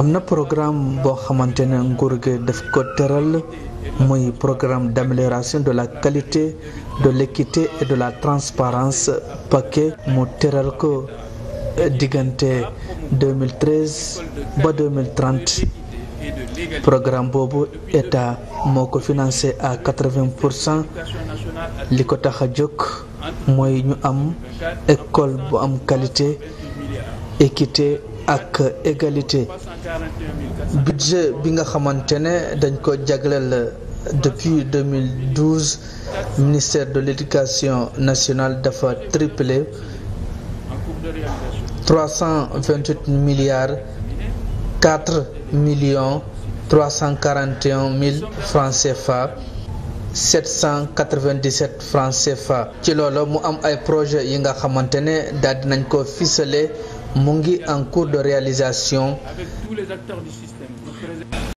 am na programme boo xamante ne nguur gi def ko tëral muy programme d'amélioration de la qualité de l'équité et de la transparence paquet mu tëral ko diggante 2013 ba 2030 programme boobu état moo ko financé à 80 pour cent li ko tax a jóg mooy ñu am école bu am qualité équité ak égalité budget bi nga xamante ne dañ ko jagleel depuis 2012 ministère de l'éducation nationale dafa triplé 328 milliards 4 millions 341 mille francs CFA 797 francs CFA ci loolu mu am ay projet yi nga xamante ne daal dinañ ko ficelé mu ngi en cours de réalisation